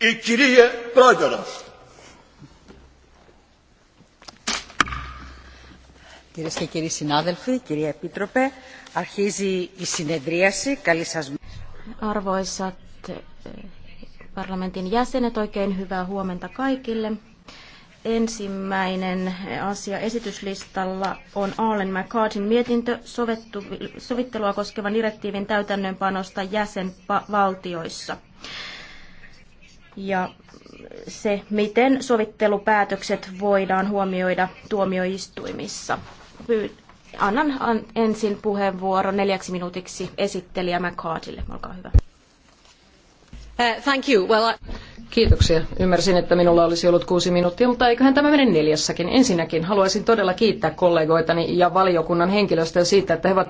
Η κυρία πρόεδρο. Κυρίες και κύριοι συνάδελφοι, κυρία Επίτροπε, αρχίζει η συνεδρίαση. Καλή σας Arvoisat eh, parlamentin jäsenet, oikein hyvää huomenta kaikille. Ensimmäinen eh, asia esityslistalla on Allen McCartin mietintö sovittelua koskevan direktiivin täytännönpanosta jäsenvaltioissa ja se, miten sovittelupäätökset voidaan huomioida tuomioistuimissa. Annan ensin puheenvuoron neljäksi minuutiksi esittelijä McCartille. Olkaa hyvä. Uh, thank you. Well, I... Kiitoksia. Ymmärsin, että minulla olisi ollut kuusi minuuttia, mutta eiköhän tämä mene neljässäkin. Ensinnäkin haluaisin todella kiittää kollegoitani ja valiokunnan henkilöstöä siitä, että he ovat